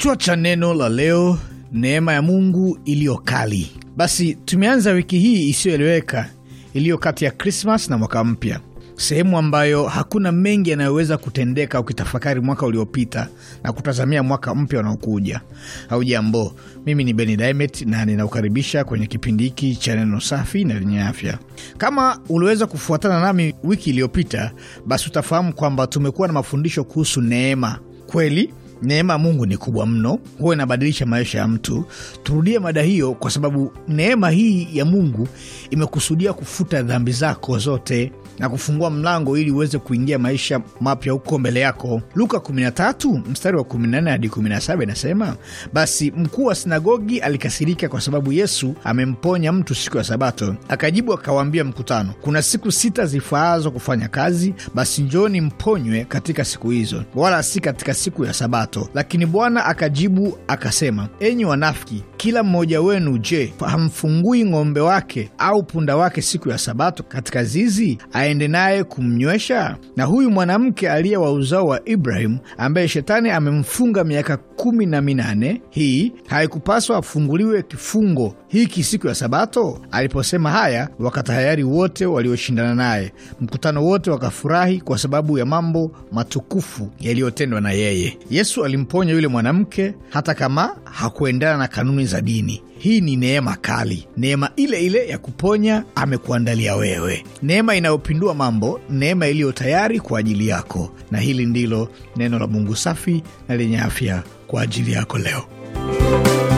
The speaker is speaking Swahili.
Kichwa cha neno la leo: neema ya Mungu iliyo kali. Basi tumeanza wiki hii isiyoeleweka iliyo kati ya Krismas na mwaka mpya, sehemu ambayo hakuna mengi yanayoweza kutendeka ukitafakari mwaka uliopita na kutazamia mwaka mpya unaokuja. Au jambo, mimi ni Beni Dimet na ninakukaribisha kwenye kipindi hiki cha neno safi na lenye afya. Kama uliweza kufuatana nami wiki iliyopita, basi utafahamu kwamba tumekuwa na mafundisho kuhusu neema. Kweli Neema ya Mungu ni kubwa mno, huwa inabadilisha maisha ya mtu. Turudie mada hiyo, kwa sababu neema hii ya Mungu imekusudia kufuta dhambi zako zote na kufungua mlango ili uweze kuingia maisha mapya huko mbele yako. Luka 13 mstari wa 14 hadi 17 inasema, basi mkuu wa sinagogi alikasirika kwa sababu Yesu amemponya mtu siku ya Sabato. Akajibu akawaambia mkutano, kuna siku sita zifaazo kufanya kazi, basi njoni mponywe katika siku hizo, wala si katika siku ya Sabato mapato. Lakini Bwana akajibu akasema, enyi wanafiki, kila mmoja wenu, je, hamfungui ng'ombe wake au punda wake siku ya Sabato katika zizi, aende naye kumnywesha? Na huyu mwanamke aliye wa uzao wa Ibrahimu, ambaye shetani amemfunga miaka kumi na minane, hii haikupaswa afunguliwe kifungo hiki siku ya Sabato? Aliposema haya, wakatahayari wote walioshindana naye, mkutano wote wakafurahi kwa sababu ya mambo matukufu yaliyotendwa na yeye. Yesu alimponya yule mwanamke hata kama hakuendana na kanuni za dini. Hii ni neema kali, neema ile ile ya kuponya amekuandalia wewe, neema inayopindua mambo, neema iliyo tayari kwa ajili yako. Na hili ndilo neno la Mungu safi na lenye afya kwa ajili yako leo.